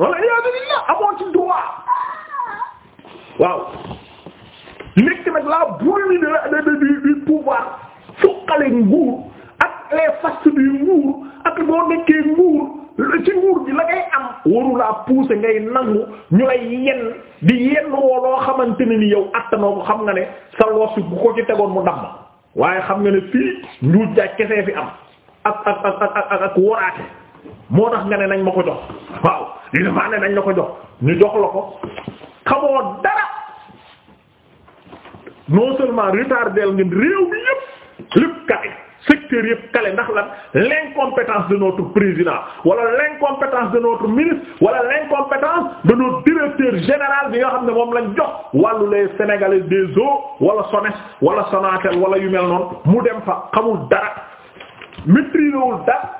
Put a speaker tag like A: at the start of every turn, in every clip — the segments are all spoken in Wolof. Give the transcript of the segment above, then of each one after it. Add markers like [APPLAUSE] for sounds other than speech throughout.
A: walla iyaazu billaah amoon ci droit waaw nekk nag la pouvoir fukkale nguur ak les faces du nguur ak boo nekkee nguur ci nguur gi la ngay am waru laa ngay nangu ñu lay yenn di yenn woo loo xamante ne ni yow attanoo ko xam nga ne sa loosi bu ko ci tegoon mu damm waaye xam nga ne fii njuuj jaaj kese fi am ak ak ak ak ak moo tax nga ne nañ ma ko jox waaw li damaa ne dañ la ko jox ñu jox la ko xamoo dara non seulement retardel ngeen réew mi yëpp lépp kale secteur yëpp kale ndax lan l'incompétence de notre président wala l'incompétence de notre ministre wala l'incompétence de notre directeur général bi nga xam ne moom lañ jox wàllu les Sénégalais des eaux wala SONES wala Sonatel wala yu mel noonu mu dem fa xamul dara maîtrisewul dara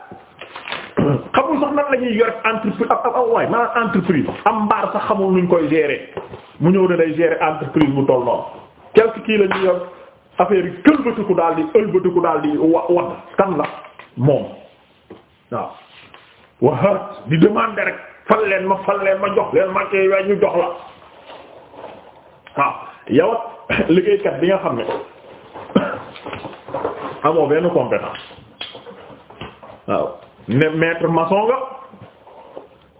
A: xamul sax nan la ñuy entreprise am mbaar sax xamul nuñ koy gérer mu ñëw ne day gérer entreprise bu toll noonu quelque kii la ñuy yor affaire yi këlbatiku daal di ëlbatiku wa wadd kan la moom waaw waa di demander rek fal leen ma fal leen ma jox leen ma kay waay ñu jox la waaw yow liggéeykat bi nga xam ne [COUGHS] amoo benn compétence waaw ne maître maçon nga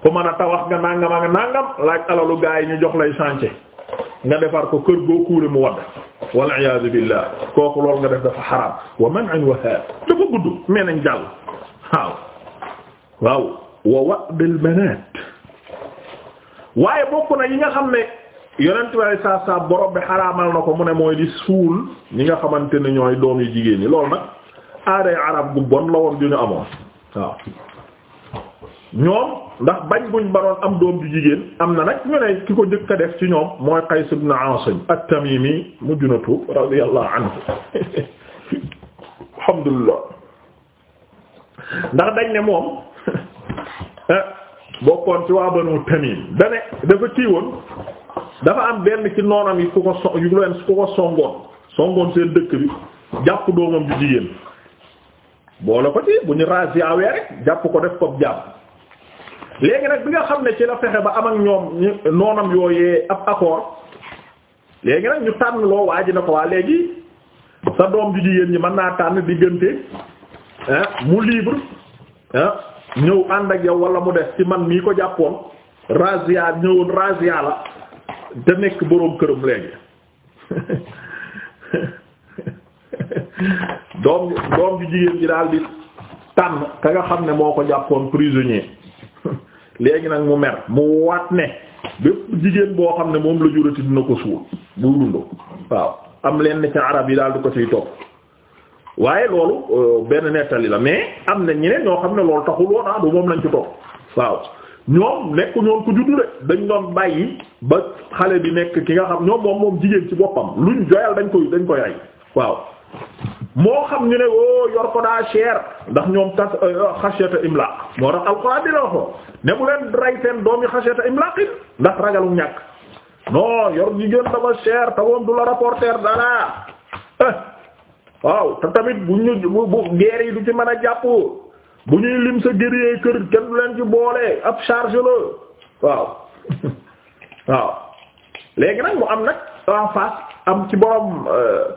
A: ku mën a tawax nga nangam ak nangam laaj alalu gaa yi ñu jox lay chantier nga defar ko kër goo kuure mu wadd wal iyaadu billah kooku loolu nga def dafa xaraam wa man'un wa haad dafa gudd mais nañ jàll waaw waaw waaye bokk na yi nga xam ne yonent bi alei saa saa bi xaraamal na ko mu ne mooy di suul ñi nga xamante ne ñooy doom yu jigéen ñi loolu nag aaday arab gu bon la woon ju ñu amoon waaw ñoom ndax bañ buñ baroon am doom ju jigéen am na nag ñu ne ki ko njëkk a def ci ñoom mooy Qays ibn Asim at-Tamimi mujj na tuub radiyallahu anhu [LAUGHS] alhamdulillah ndax dañ ne moom [LAUGHS] eh, bokkoon ci waa Banu Tamim dane dafa kii woon dafa am benn ki noonam yi ku ko yu ku ko songoon songoon seen dëkk bi jàpp doomam ju jigéen boole ko ci bu ñu raziawee rek jàpp ko def ko jàpp léegi nag bi nga xam ne ci la fexe ba am ak ñoom ñu noonam yooyee ab accord léegi nag ñu tànn loo waa na ko waa léegi sa doom ju jigéen ñi mën naa tànn diggante mu libre ñëw ànd ak yow walla mu def ci man mii ko jàppoon razia ñëwoon razia la te nekk boroom këram léegi [LAUGHS] doom doom ju jigéen ji daal di tànn ka nga xam ne moo ko jàppoon prisonnier [LAUGHS] léegi nag mu mer mu waat ne bépp jigéen boo xam ne moom la jurati dina ko suul bu dundoo waaw am leen ci arab yi daal di ko ciy topp waaye loolu euh, benn nettali la mais am na ñeneen ñoo xam ne loolu taxul woon ah moom lañ ci topp waaw ñoom nekk ñoom ko juddu de dañ doon bàyyi ba xale bi nekk ki nga xam ñoom moom moom jigéen ci boppam luñ joyal dañ koy dañ koy rey waaw moo xam ñu ne woo yor ko daa cher ndax ñoom tas euh, euh, xasiyata imlaq moo tax alxuraan di la waxoo ne bu leen rey seen doom yi xasiyata ndax ragalu ñàkk non yor jigéen dafa cher te woon du la rapporter dara eh, waaw te tamit bu ñu bu guerre yi du ci mën a jàpp bu ñuy lim sa guerrier kër kenn du leen ci boolee ab charge la waaw [LAUGHS] waaw léegi nag mu am nag en face am ci borom. Euh,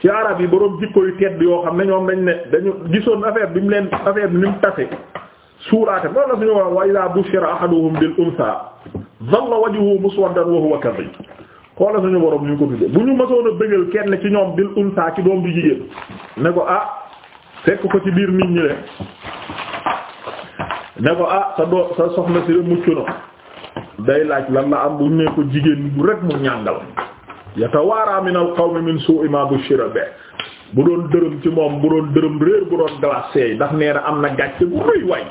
A: ci arab yi boroom jikko yu tedd yoo xam ne ñoom dañ ne dañu gisoon affaire bi mu leen affaire bi ni mu tase suuraate loolu la suñu wax bu iza bushira ahaduhum bil unsa dhalla wajhuhu muswaddan wa huwa kadhib xoola suñu borom ñu ko tuddee bu ñu mësoon a bëggal kenn ci ñoom bil unsa ci doom bi jigéen ne ko ah fekk ko ci biir nit ñi ko ah sa doo sa soxna si de mucc na day laaj lan la am bu ne ko jigéen bu rek mu ñàngal yatawaara min al qawmi min su ma bushira be bu doon dërëm ci moom bu doon dërëm réer bu doon glacé ndax nee am na gàcce bu rëy waay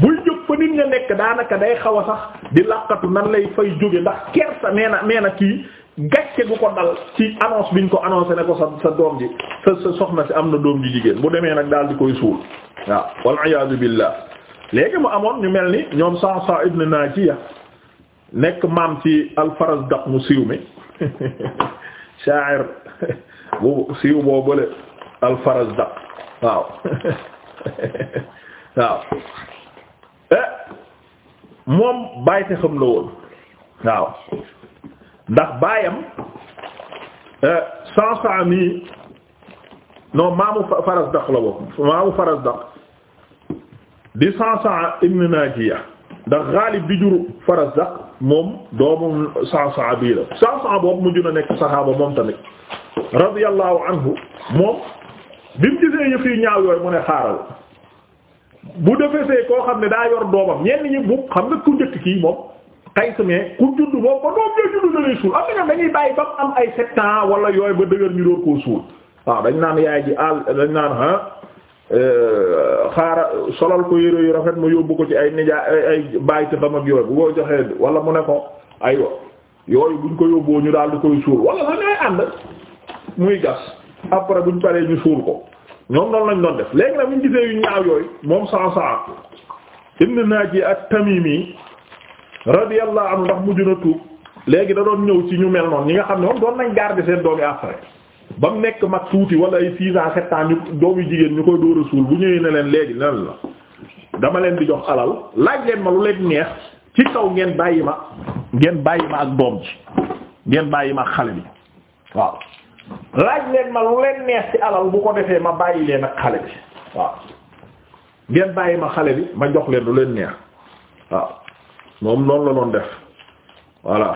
A: buy jóg fa nit nga nekk daanaka day xaw a sax di làqatu nan lay fay jóge ndax kersa nee na nee na kii gàcce gu ko dal ci annonce biñ ko annoncé ne ko sa sa doom ji sa soxna si am na doom ji jigéen mu demee nag daal di koy suul waaw wal iyaazu billah léegi mu amoon ñu mel ni ñoom Sa'sa ibn Najiya nekk maam ci al-Farazdaq mu [LAUGHS] sha'ir bu siiw boo bële al-Farazdaq waaw [LAUGHS] waaw eh, moom bàyyi te xam la woon waaw ndax baayam Sa'sa'ani eh, non maamu Farazdaq la woon maamu Farazdaq di Sa'sa'a ibn Najiya ndax Ghalib bi juru Farazdaq moom doomu Sa'sa'a bii la Sa'sa'a boobu mujj na nekk saxaaba moom tamit radiyallahu anhu moom bi mu gisee yëf yi ñaaw yooyu mu ne koo xam ne daa yor doomam ñenn ñi bu xam nga ku njëkk kii moom xay sa mais ku judd moom ba doom ñoo judd na suul am na ñoom dañuy bàyyi ba mu am ay sept ans wala yooyu ba dëgër ñu door koo suul waaw dañ naan yaay ji àll dañ naan ah Euh, xaara solal ko yére yu rafet ma yóbbu ko ci ay nijaay ay bàyyi ci xam ak yooyu bu ko joxee wala mu ne ko aywa yooyu buñ ko yóbboo ñu daal di koy suul wala la ngay ànd muy gas après buñ paree ñu suul ko ñoom noonu lañ doon def léegi nag buñ gisee yu ñaaw yooyu moom saa saa ibn Naaji at-Tamimi radiyallahu anhu ndax mujj na tuub léegi da doon ñëw ci ñu mel noonu ñi nga xam ne moom doon nañ garder seen doomi après. ba mu nekk mag tuuti wala ay six ans sept ans ñu doomu jigéen ñu koy dóor a bu ñëwee ne leen léegi nan la leen di jox alal laaj leen ma lu leen neex ci kaw ngeen bàyyi ma ngeen bàyyi ma ak doom ji ngeen bàyyi ma ak xale bi waaw laaj leen ma lu leen neex ci alal bu ko defee ma bàyyi leen ak xale bi waaw ngeen bàyyi ma xale bi ma jox leen lu leen neex waaw moom noonu la doon def voilà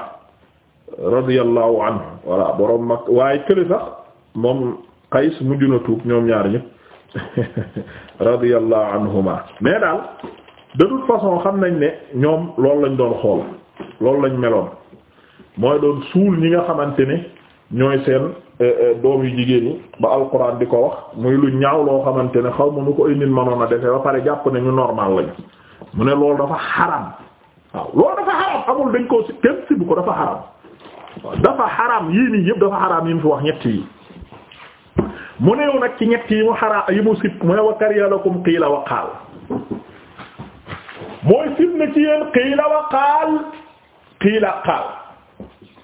A: radiyallahu anhu voilà borom mag waaye kële sax moom Qays mujj na tuub ñoom ñaar ñëpp [LAUGHS] radiyallahu anhuma mais daal de toute façon xam nañ ne ñoom loolu lañ doon xool loolu lañ meloon mooy doon suul ñi nga xamante ne ñooy seen euh, euh, doom yu jigéen yi ba alquran di ko wax muy lu ñaaw loo xamante ne xaw ma nu ko ay nit manoon a defee ba pare jàpp nañu ñu normal lañu mu ne loolu dafa xaram waaw loolu dafa xaram amul dañ koo si kenn si bu ko dafa xaram dafa xaram yii nii yëpp dafa xaram yi mu fi wax ñetti yi mu ne nag ci ñett yi mu xaraa yi mu sib mu ne wa kariha lakum qiila wa ci yéen qiila wa qaal qiila qaal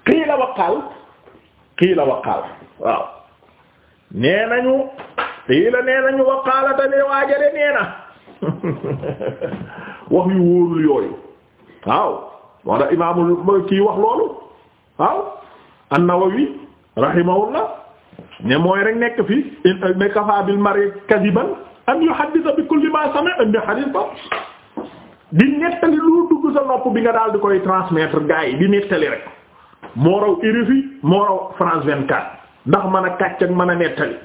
A: qiila wa qaal qiila wa qaal waaw nee nañu qiila nee nañu wa ne waajale nee na [LAUGHS] wax yu wóorul yooyu waaw wala imaamul kii wax loolu waaw an-Nawawi rahimahullah ne mooy rek nekk fi ne kafa bil mari kadiban indi hadith ba di nettali lu dugg sa nopp bi nga daal di koy transmettre gars yi di nettali rek moo raw RFI moo raw France 24 ndax mën a kàcc ak mën a nettali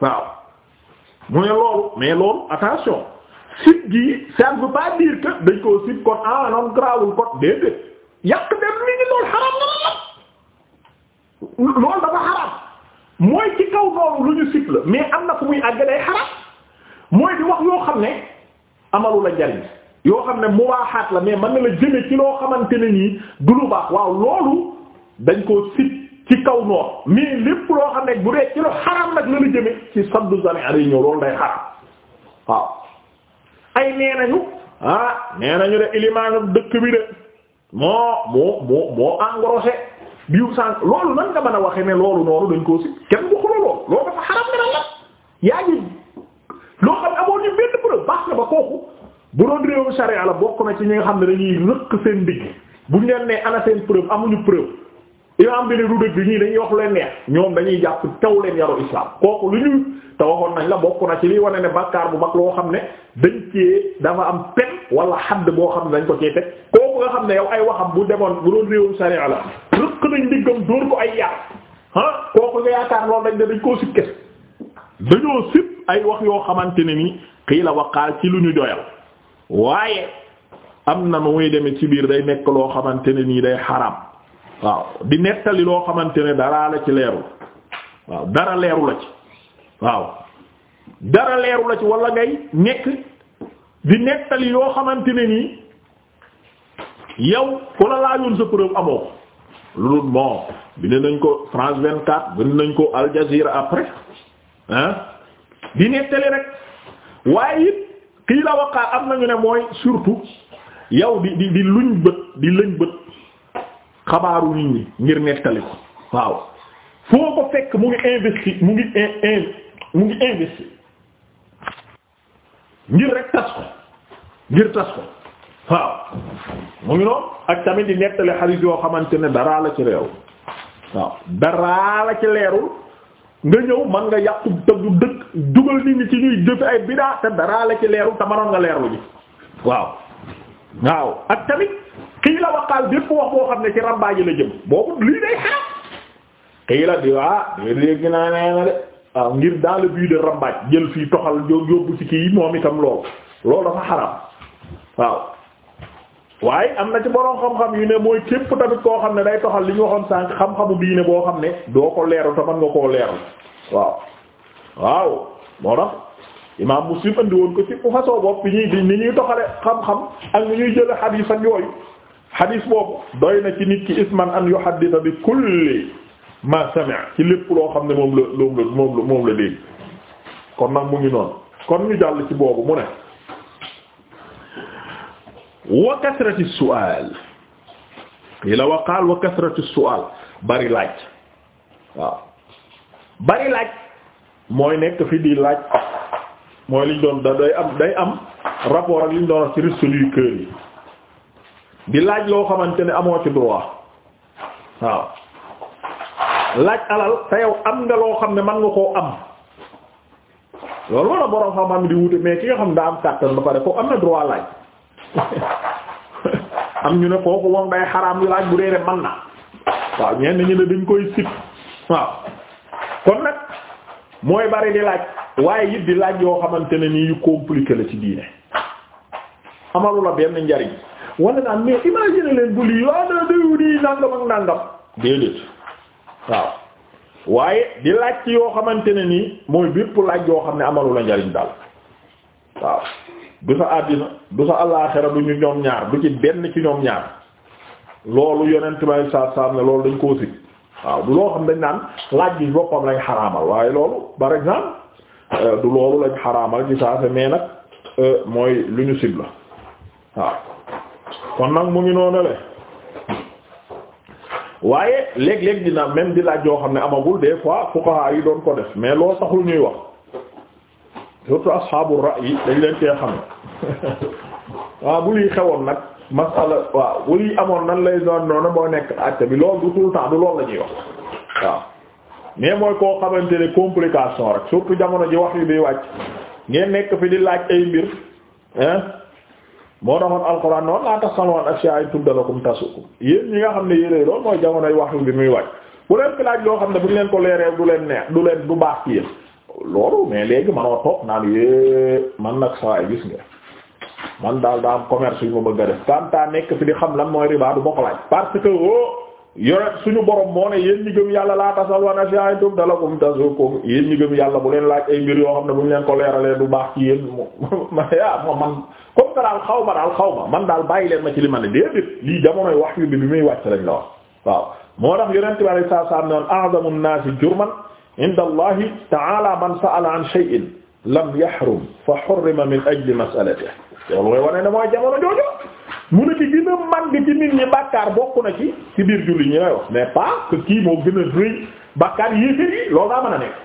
A: waaw mu ne loolu mais loolu attention site gi ça ne veut pas dire dañ koo site kon ah noonu grawul kon déedéet yàq dem nit ñi loolu xaraam na loolu dafa xaraam mooy ci kaw noonu lu ñu sip la mais am na fu muy àgg day xaraam mooy di wax yoo xam ne amalu la njariñ yoo xam ne mubaaxaat la mais man na la jëme ci loo xamante ne nii du lu baax waaw loolu dañ koo sip ci kaw noonu mais lépp loo xam ne bu dee ci lu xaraam nag la la jëme ci saddu zari'a day loolu day xaraam waaw ay nee nañu ah nee nañu de ilimaanu dëkk bi de moo moo moo moo engrosé diw sànq loolu nan nga mën a waxee ne loolu noonu dañ koo si kenn waxu la loolu loolu dafa xaram ne la yaa ngi loo xam amoon ñu benn preuve baax na ba kooku bu doon réewum sharia la bokk na ci ñi nga xam ne dañuy rëq seen digg buñ leen nee ana seen preuve amuñu preuve. imaam bi ne du dëgg ñii dañuy wax leen neex ñoom dañuy jàpp taw leen yaru islam kooku lu ñuy te waxoon nañ la bokk na ci liy wane ne bàkkaar bu mag loo xam ne dañ cee am pen wala xadd boo xam ne dañ ko cee teg kooku nga xam ne yow ay waxam bu demoon bu doon réewum sariya la rëq nañ diggam dóor ko ay yar ah kooku nga yaakaar loolu dañ ne dañ koo sikkes dañoo sib ay wax yoo xamante ne ni la waqaal ci lu ñu doyal waaye am na nu muy demee ci biir day nekk loo xamante ne nii day xaraam waaw di nettali loo xamante ne daraa la ci leeru waaw dara leeru la ci waaw dara leeru la ci walla ngay nekk di nettali yoo xamante ne nii yow ku la laajoon sa preuve amoo lu dul bon bind nañ ko France 24 bind nañ ko Al Jazeera après ah di nettali rek waaye it kii la waqaa am nañu ne mooy surtout yow di di di luñ bët di lëñ bët. xabaaru nit ñi ngir nettali ko waaw foo ko fekk mu ngi investi mu ngi in ngir rek tas ko ngir tas ko waaw mu ngi noonu ak tamit di nettali xarit yoo xamante ne daraa la ci leerul waaw daraa la ci leerul nga ñëw man nga yàqu tëgg dëkk dugal nit ñi ci ñuy jëfe ay bidaa te daraa la ci leeru te manoon nga leeru ji waaw waaw ak tamit xiila waqaal bépp wax boo xam ne ci rambaaji la jëm boobu lii day ngir dans le but de rambaaj jël fii toxal yóbbu ci na ci boroom xam-xam yu ne koo xam ne day toxal li ñu waxoon sànq xam-xamu boo xam ne doo ko leeru te mën nga koo leeru waaw ñuy di ni ñuy xam-xam ak ni xadis boobu doy na ci nit ki isman an yuhaddisa bi kulli ma sami'a ci lépp loo xam ne moom la moom la moom la moom kon nag mu ngi noonu kon ñu jàll ci boobu mu ne wa kasrati su'al yi la waqaal wa kasrati su'al bari laaj waaw bari laaj mooy nekk fi di laaj mooy liñ doon da day am day am rapport ak liñ doon a ci risque du cœur yi di laaj loo xamante ne amoo ci droit waaw laaj alal te yow am nga loo xam ne mën nga koo am loolu moo la borom xam-xam di wute mais ki nga xam daa am kàttan ba pare ko am na droit laaj [LAUGHS] am ñu ne kooku moom day xaraam laaj bu dee man mën na waaw ñu ne dañ koy sip waaw kon nag mooy bari di laaj waaye it di laaj yoo xamante ne nii yu compliqué la ci diine amalu la benn njariñ. wala naan mais imagine leen bu lii waaw da dayu nii nàngam ak nàngam déedéet waaw waaye di laaj ci yoo xamante ne nii mooy bépp laaj yoo xam ne amalu la njariñ daal waaw du sa àddina du sa alaaxera du ñu ñoom ñaar du ci benn ci ñoom ñaar loolu yonent bay saar saar ne loolu dañ koo sit waaw du loo xam dañ naan laaj bi boppam lañ xaraamal waaye loolu par exemple euh, du loolu lañ xaraamal ci saa mais nag euh, mooy lu ñu sib la waaw kon nag mu ngi noonu le waaye léeg-léeg dina même di laaj yoo xam ne amagul des fois fuqaha yi doon ko def mais loolu taxul ñuy wax surtout ashabu ra'yi dañ leen tee xam [LAUGHS] waaw bu liy xewoon nag masala waaw bu liy amoon nan lay doon noonu moo nekk acte bi loolu du tout le temps du loolu la wax waaw mais mooy koo xamante ne complication rek surtout jamono ji wax yu bi wàcc ngeen nekk fi di laaj ay mbir hein moo taxoon alquran noonu laa tax samoon ak si ay tuddalakum tasukum yéen ñi nga xam ne yéenay loolu mooy jamonoy waxtu bi muy wàcc bu leen laaj loo xam ne bu ñu leen ko leeree du leen neex du leen du baax ci yéen loolu mais léegi manoo toog naan yé man nag sawaay gis nga man daal daa am commerce yu ma bëgg a def tant nekk fi di xam lan mooy riba du ma ko laaj parce que oh, yore suñu borom moo ne yéen ñi gëm yàlla laa tasal wana shaytum dalakum tasukum yéen ñi gëm yàlla bu leen laaj ay mbir yoo xam ne bu ñu leen ko leeralee du baax ci yéen [LAUGHS] ma yaa ma man comme que daal xaw ma daal xaw ma man daal bàyyi leen ma ci li ma ne déedéet lii jamonoy wax yu bi bi muy wàcc lañ la wax waaw moo tax yonent bi alayhi salaam ne woon a'zamu an-naasi jurman inda allahi ta'ala man sa'ala an shay'in lam yahrum fa hurrima min ajli mas'alatihi loolu mooy wane ne mooy jamono jooju mu ne ci gën a màgg ci nit ñi bàkkaar bokk na ci ci biir julli ñi lay wax mais pas que kii moo gën a rëy bàkkaar yéeféer yi loolu daa a nekk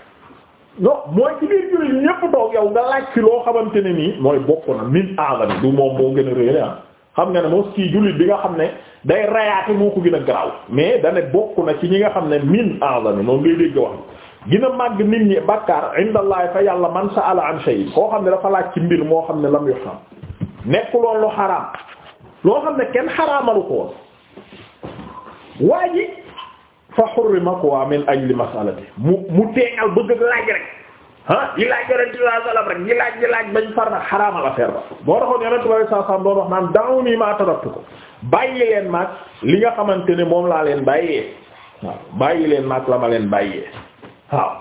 A: non mooy ci biir julli ñépp toog yow nga laaj ci loo xamante ne nii mooy bokk na min aadami du moom moo gën a rëy la xam nga ne moom kii jullit bi nga xam ne day rayaate moo ko gën a garaaw mais dane bokk na ci ñi nga xam ne min aadami moom lay dégg wax gën a màgg nit ñi bàkkaar indallahi fa yàlla man sa'ala an shay'in koo xam ne dafa laaj ci mbir moo xam ne lam loo xam ne kenn xaraamalu ko woon waa ji fa xurrima quoi min ajli masalati mu mu teegal bëgg laaj rek ah yi laaj yonente sallallahu alayhi wasallam rek yi laaj yi laaj bañ nag xaraamal affaire ba boo taxoon yonente sallallahu alayhi wasallam doon wax naan da'uni ma taraktu ko bàyyi leen maag li nga xamante ne moom laa leen bàyyee waaw bàyyi leen maag la ma leen bàyyee waaw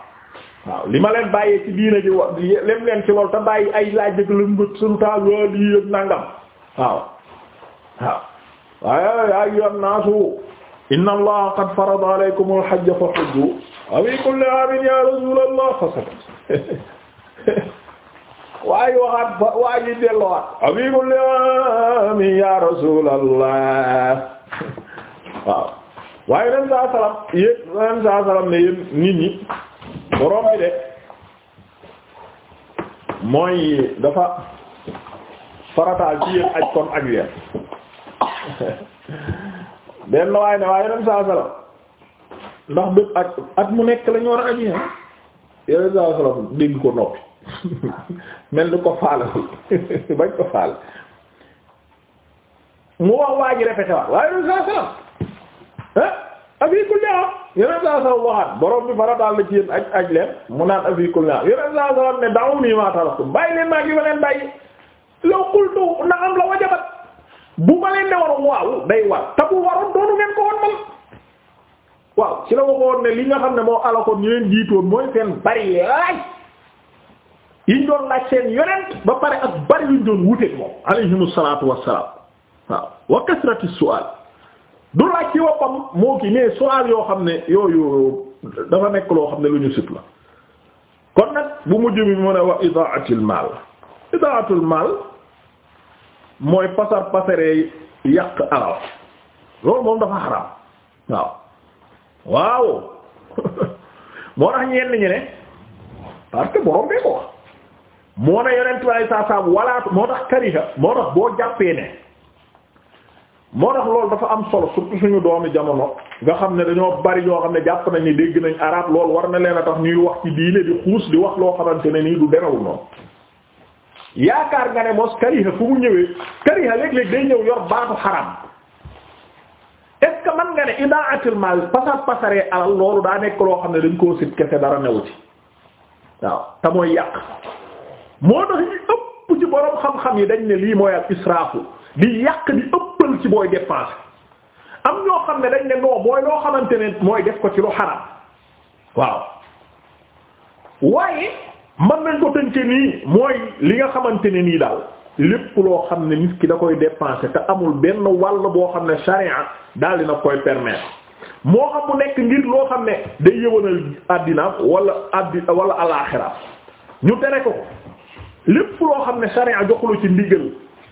A: waaw li ma leen bàyyee ci diina ji wa lem leen ci loolu bàyyi ay laaj dëgg lan bët sunu taal waa waaw waaye yaa ayyuhan naasu inna allaha qad farada alaykum al-hajja fa hujju wa fi kulli aamin ya rasulallah fasakat [LAUGHS] waaye waxaat fa waa ji delluwaat wa fi kulli aamin ya rasulallah [LAUGHS] waaw waaye ren saa salaam yéen ren saa salaam ne yéen nit ñi borom bi de mooy dafa farataal ci yéen aj kon ak weer [LAUGHS] benn waay ne waaye yeneen saa salaam ndax bépp at mu nekk la ñu yeneen saa salaam dégg ko noppi [LAUGHS] mel ni ko faale [LAUGHS] bañ ko faale mu wax waa ji répété waat waaye yeneen saa salaam ah abiy kulli ah yeneen saa salaam mu naan abiy ne daaw mi maa bàyyi leen maa ngi ma leen bàyyi law qultu na'am la wajabat bu ma leen ne waroon waaw day war te waroon doonu ngeen ko woon man waaw ci la waxoon ne li nga xam ne moo alakoon ñu leen jiitoon mooy seen bari laaj yiñ doon laaj seen yonent ba pare ak bari luñ doon wuteek moom alayhimu salaatu wassalaam waaw wa kasrati su'al du laaj ci woppam moo ki mais su'al yoo xam ne yooyu dafa nekk loo xam ne lu ñu sit la kon nag bu mujj bi mu ne wa idaatil maal idaatul maal mooy pasar pasaree yàq alal loolu moom dafa xaraam waaw waaw [LAUGHS] moo tax ñenn ñi parce borom bee ko moo ne yonent bi saa saabu walaatu moo tax kariha moo tax boo jàppee ne moo tax loolu dafa am solo surtout suñu doomi jamono nga xam ne dañoo bari ñoo xam ne jàpp nañ ne dégg nañ araat lool war na leen a tax ñuy wax ci diine di xuus di wax loo xamante ne nii du demewul noonu yaakaar nga ne mos kariha fu mu ñëwee kariha léeg-léeg day ñëw yor baatu xaram est-ce que man nga ne mal pasar pasaree alal loolu daa nekk loo xam ne dañ koo sit kese dara newu ci waaw te mooy yàq moo tax ñu ëpp ci borom xam-xam yi dañ ne lii mooy ak israafu di yàq di ëppal ci booy dépenser am ñoo xam ne dañ ne non mooy loo xamante ne mooy def ko ci lu xaram waaw waaye. man nañ ko tënke nii mooy li nga xamante ne nii daal lépp loo xam ne nit ki da koy dépenser te amul benn wàll boo xam ne charia daal dina koy permettre moo xam mu nekk ngir loo xam ne day yëwanal àddina wala addi wala alaaxiraam ñu tere ko ko lépp loo xam ne charia joxulu ci ndigal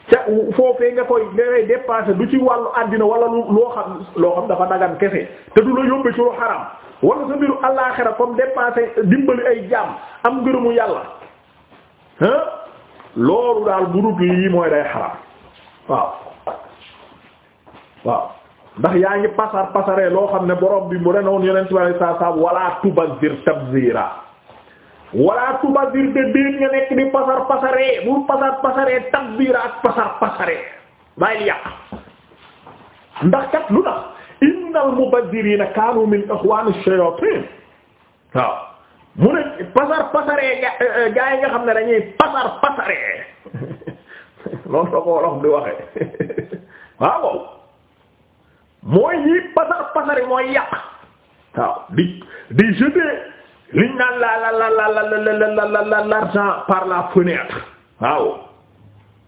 A: ca foofee nga koy nga koy du ci wàll àddina wala lu loo xam loo xam dafa dagan kese te du la yóbbe ci lu xaraam wala sa mbiru àllaaxira comme dépenser dimbali ay jaam am ngërëmu yàlla hein loolu daal bu dut lii mooy day xaraam waaw waaw ndax yaa ngi pasar pasaree loo xam ne borom bi mu renoon yonent bi alei saa salam tubazir tabzira wala tubazir de déet nga nekk di pasar pasaree bu pasar pasaree tabzira ak pasar pasaree bàyyil yàq ndax kat lu tax innal mubazzirina kaanu min ikhwani shayatin waaw mu ne pasar pasaree gaa yi nga xam ne dañuy pasar pasaree loolu la ko wolof di waxee waaw mooy ñi pasar pasaree mooy yàq waaw di di jeter liñ naan la la la la la la l'argent par la fenêtre waaw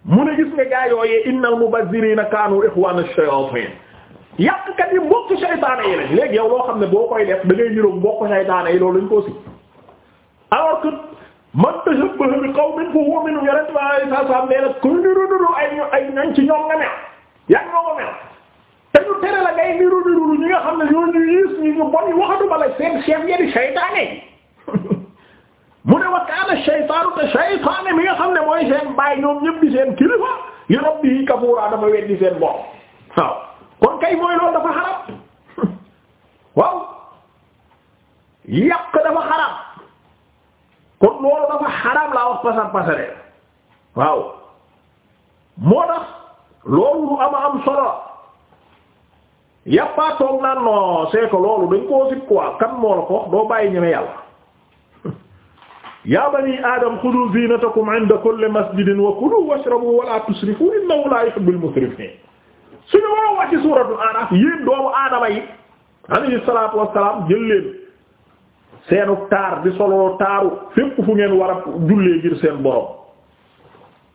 A: mu ne gis nga gaa yooyee innal mubazzirina kaanu ikhwani shayatin yàqkat yi mbokk saytaane yi lañ léegi yow loo xam ne boo koy def da ngay niroog mbokk saytaane yi loolu lañ ko si alors que man tashabbaha bi qawmin fa huwa minhum yonent bi ku niru niru ay ay ñañ ci ñoom nga mel yaa ngi ko mel te ñu tere la niru niru ñi nga xam ne ñoo ñu yées ñi ñu bon waxatu bala seen chef ya di saytaane [LAUGHS] mu ne wa kaana shaytaanu te saytaane mi nga xam ne mooy seen baay ñoom ñëpp di seen kilifa yi rabbihi kafuura dafa weddi seen bopp kon kay mooy loolu dafa xaram waaw yàq dafa xaram kon loolu dafa xaram laa wax pasar pasaree waaw moo tax loolu lu ama am solo yàppaa toog naan non c'est que loolu dañ koo sib quoi kan moo la ko wax doo bàyyi ñeme yàlla yaa bani aadam xudu zinatakum inda kulli masjidin wa kulu washrabu wa la tusrifu innahu suñu waroon wàcc suuratul Araf aadama yi alayhi salaatu wassalaam jël seenu taar di solo taaru fépp fu ngeen war jullee ngir seen borom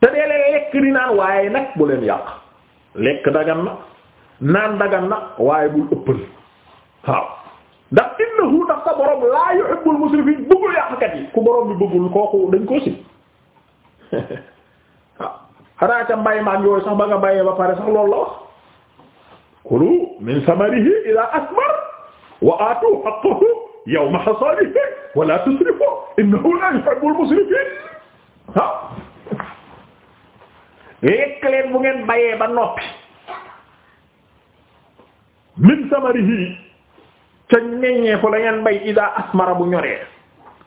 A: te dee lekk di naan waaye nag bu leen yàq lekk dagan na naan dagan na waaye bul ëppal waaw ndax innahu ndax sa borom laa yuhibbul musrifin bëggul yàqkat yi ku borom bi bëggul kooku dañ ko si [LAUGHS] waaw ca mbay maan yooyu sax ba nga bayee ba pare sax loolu la kulu min samarihi ila asmar wa aatu haqqahu yawma hasaadihi wa la tusrifu innahu la yuhibbul musrifin waaw lekk leen bu ngeen bayee ba noppi min samarihi ca meññee fu la ngeen bay ida asmara bu ñoree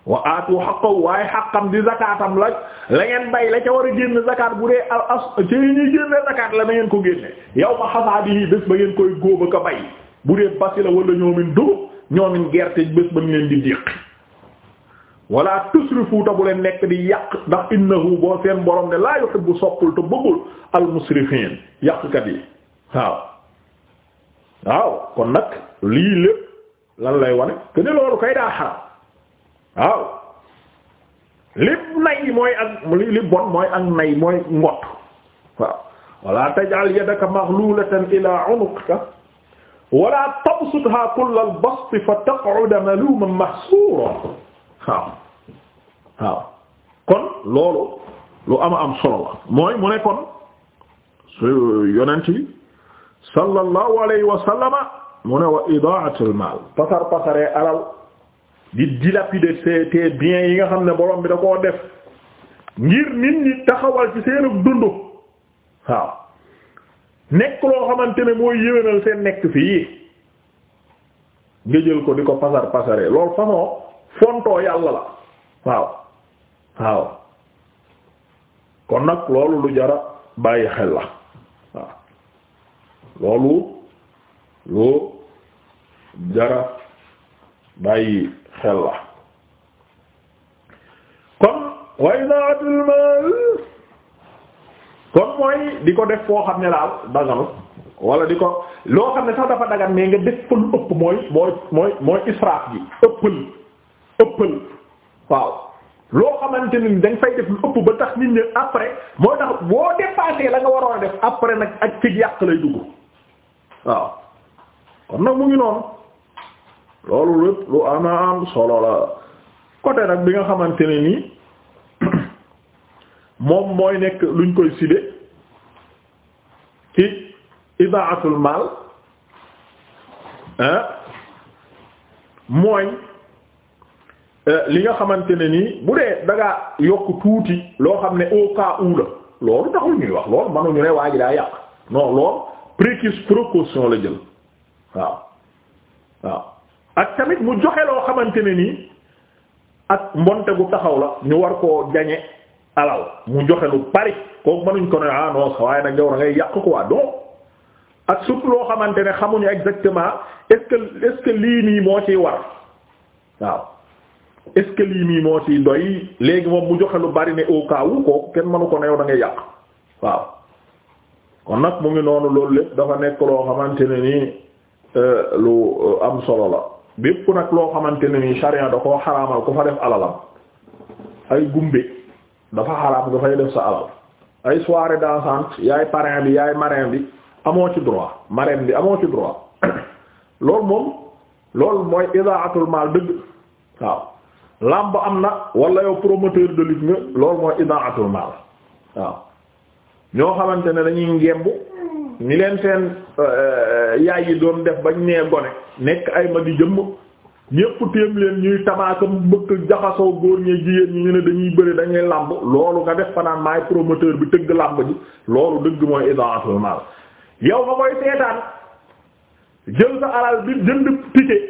A: wa aatu xaqaw waaye xaqam di zakaatam la la ngeen bay la ca war a génn zakat bu dee al as ci ñuy génne zakat la na ngeen ko génne yow ma xasaadi yi bés ba ngeen koy góob a ko bay bu dee basi la wala ñoomin dugub ñoomin gerte bés ba ñu leen di diq wala tusrifu bu leen nekk di yàq ndax innahu boo seen borom ne laa yuhibbu soppul te bëggul al musrifin yàqkat yi waaw waaw kon nag lii lépp lan lay wane te ne loolu kay daa xaram waaw li nay mooy ak li bon mooy ak nay mooy ngott waaw wala taj'al yadaka maghlulatan ila 'unuqika wala tabsutha kullal basti fa taq'uda maluman mahsura waaw waaw kon loolu lu ama am solo la mooy mu ne kon su yonent yi sallallahu alayhi wa sallama mu ne wa ida'atul maal pasar pasaree alal di dilapider ses tes biens yi nga xam ne borom bi da koo def ngir nit ñi taxawal ci seen dund waaw nekk loo xamante ne mooy yéwénal seen nekk fii nga jël ko di ko pasar pasaree loolu façon fontoo yàlla la waaw waaw kon nag loolu lu jara bàyyi xel la waaw loolu lu jara bàyyi xel la kon wa idaatul maal kon mooy di ko def foo xam ne daal daganu wala di ko loo xam ne sax dafa dagan mais nga def fa lu ëpp mooy mooy mooy mooy israaf gi ëppal loo xamante ni danga fay def lu ëpp ba tax nit ñi après moo tax boo dépassé la nga waroon a def après nag ak ci yàq lay dugg waaw kon nag mu ngi noonu loolu lépp lu ama solo la côté bi nga xamante ne nii [CLEARS THROAT] moom mooy nekk luñ koy sibe ci idaatul mal ah mooy euh, li nga xamante ne nii bu dee da yokk tuuti loo xam ne au la loolu taxul ñuy wax loolu mënuñu ne waa ji daa yàq non loolu précise précaution la jël waaw waaw ak tamit mu joxe loo xamante ne nii ak mbonte gu taxaw la ñu war koo jañe alaw mu joxe lu bari kooku mënuñ ko ne ah non waaye nag yow da ngay yàq quoi donc ak surtout loo xamante ne xamuñu exactement est lii nii moo ciy war waaw est-ce que lii nii moo ci doy léegi moom mu joxe lu bari ne au cas où kooku kenn mënu ko ne yow da ngay yàq waaw kon nag mu ngi noonu loolu lépp dafa nekk loo xamante ne nii euh, lu euh, am solo la. bépp nag loo xamante ne ni sharia da koo xaraamal ku fa def alalam ay gumbe dafa xaraam nga fay def sa alal ay soirée dansante yaay parrain bi yaay marraine bi amoo ci droit marraine bi amoo ci droit [COUGHS] loolu moom loolu mooy idaatul mal dëgg waaw lamb am na wala yow promoteur de lutte nga loolu mooy idaatul mal waaw ñoo xamante ne dañuy ngemb ni leen seen euh, euh, yaay yi doon def bañ nee gone nekk ay ma di jëmm ñépp téem leen ñuy tabaakam mbëkk jaxasoo góor ñee jigéen ñi ñu ne dañuy bëri dañuy làmb loolu nga def fanaan maay promoteur bi tëgg làmb ji loolu dëgg mooy idaatul maal yow nga koy seetaan jël sa alal bi jënd ticket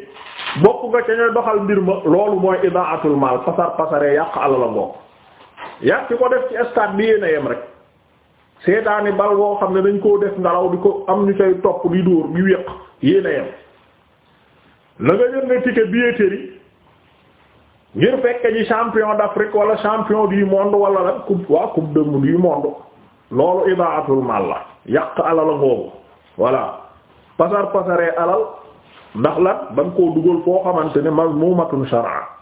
A: bokk nga ca ñooy doxal mbir ma loolu mooy idaatul maal pasar pasaree yàq alal la ngoog yàq ko def ci stade bi yéen a yem rek seetaani bal woo xam ne dañ koo def ngelaw di ko am ñu cay topp di dóor bi wéq yéen a yem la nga jënd ticket billetterie ngir fekke ji champion d'Afrique wala champion du monde wala la coupe waa coupe de du monde loolu idaatul mal la yàq alal a ngoogu voilà pasar pasaree alal ndax lan da nga dugal foo xamante ne mazmumatun shar'a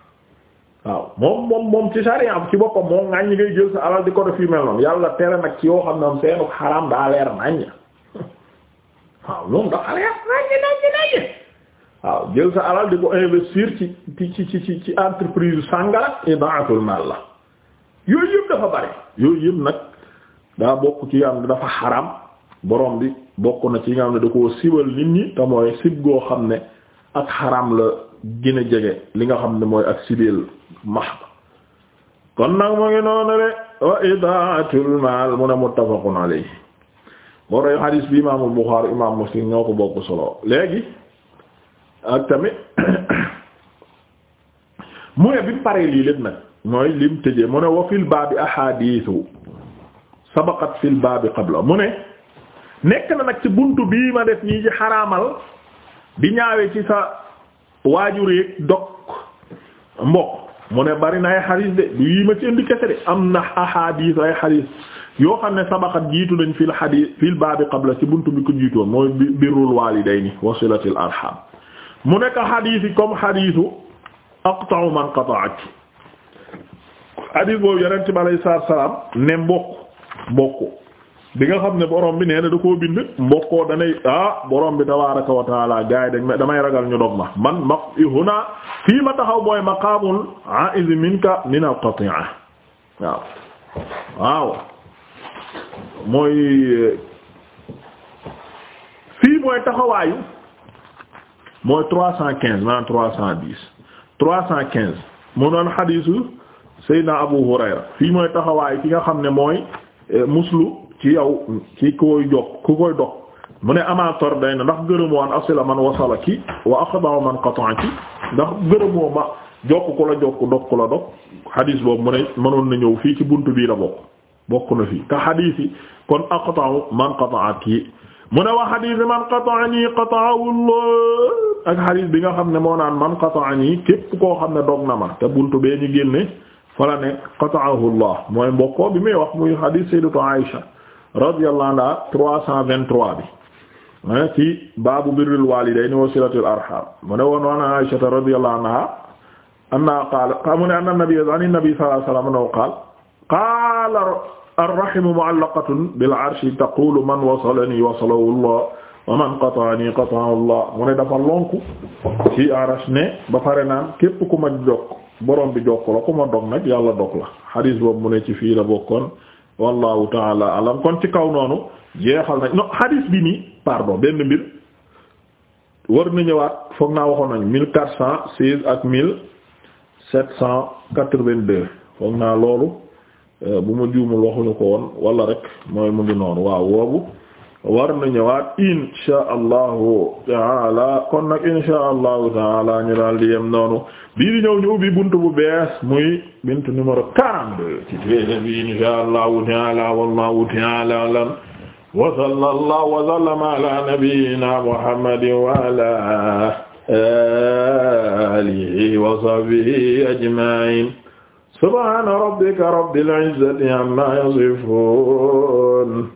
A: waaw moom moom moom ci sariya ci boppam moom ŋàññ ngay jël sa alal di ko def yu mel noonu yàlla tere nag ci yoo xam ne am seenu xaraam daa leer naññ waaw jël sa alal di ko investir ci ci ci ci ci entreprise sàngara idaatul mal la yooyu yëpp dafa bari yooyu yëpp nag daa bokk ci am dafa xaram borom bi bokk na ci nga xam ne da koo sibal nit ñi te mooy sib goo xam ne ak xaram la gën a jege li nga xam ne mooy ak sibeel mahb kon nag mu ngi noonu rek wa idaatul maal mu ne muttafaqun alayhi boo xadiis bi imaamul Buxaari imaam Muslim ñoo ko bokk solo léegi ak tamit [COUGHS] mu ne bi paree lii lépp nag mooy lim tëjee mu ne wa fil baabi ahadiisu sabaqat fil baabi qabla mu ne nekk na nag ci buntu bii ma def nii ci xaraamal di ñaawee ci sa waa yi dog mbokk mu ne bari na ay xadis de yii ma ci indi kese de am na ahadis ay xadis yoo xam ne sabaxat jiitu nañ fil xadis fil baabi qabla ci buntu bi ko jiitoon mooy birrul waalidayni wasilatil arham mu nekk xadis yi comme xadisu aqta'u man qata'ak xadis boobu yonent bi alayhi salaam ne mbokk mbokk bi nga xam ne borom bi nee na da koo bind mbokkoo danay ah borom bi tabaaraka wa taala gaay dañ ma damay ragal ñu dog ma man ma huna fii ma taxaw booy maqaamul a'iz minka min al-qati'a waaw mooy fii mooy taxawaayu mooy trois cent quinze maanaam trois cent dix trois cent quinze mu noon xadiisu Seydina Abu Hurayra fii mooy taxawaayu ki nga xam ne mooy eh, muslu ci yow ci koy jox ku koy dox mu ne amator day na ndax gërëmoo an asila man wasala ki wa aqda man qata'a ki ndax gërëmoo ma jokk ku la jokk dog ku la dog xadiis boobu mu ne mënoon na ñëw fii ci bunt bii la bokk bokk na fii te xadiis yi kon aqta'u man qata'a ki mu ne wax xadiis man qata'ani qata'ahu Allah ak xadiis bi nga xam ne moo naan man qata'ani képp koo xam ne dog na ma te bunt bee ñu génne fa la ne qata'ahu Allah mooy mbokkoo bi muy wax radiyallahu anha 323 bi mu ne ci baabu birril waalidayni wa silatil arham mu ne woon woon Aisha radiyallahu anha anna qaala mu ne anna nabi ani nabi sallallahu alayhi wa sallam annahu qaala qaala ar-rahimu mu'allaqatun bil arshi taqulu man wasalani wasalahu Allah wa man qata'ani qata'ahu Allah mu ne dafa lonku ci arsh ne ba pare naan képp ku ma jokk borom bi jokk la ku ma dog nag yàlla dog la xadiis boobu mu ne ci fii la bokkoon wallahu taala alam kon ci kaw noonu jeexal nañ non hadith bi nii pardon benn mbir war na ñëwaat foog naa waxoon nañ mille quatre cent seize ak mille sept cent quatre-vingt-deux foog naa loolu euh, bu ma juumul waxuñu ko woon wala rek mooy mu ngi noonu waaw woobu war na ñëwaat insha allahu taala kon nag insha allahu taala ñu daal di yem noonu bii di ñëw ñu ubbi buntu bu bees muy buntu numéro 42 ci téere bi insha allahu taala wallahu taala alam wa sallallahu wa sallama ala nabiyyina muhammadin wa ala alihi wa sahbihi ajma'in subhana rabbika rabbil izzati amma yasifun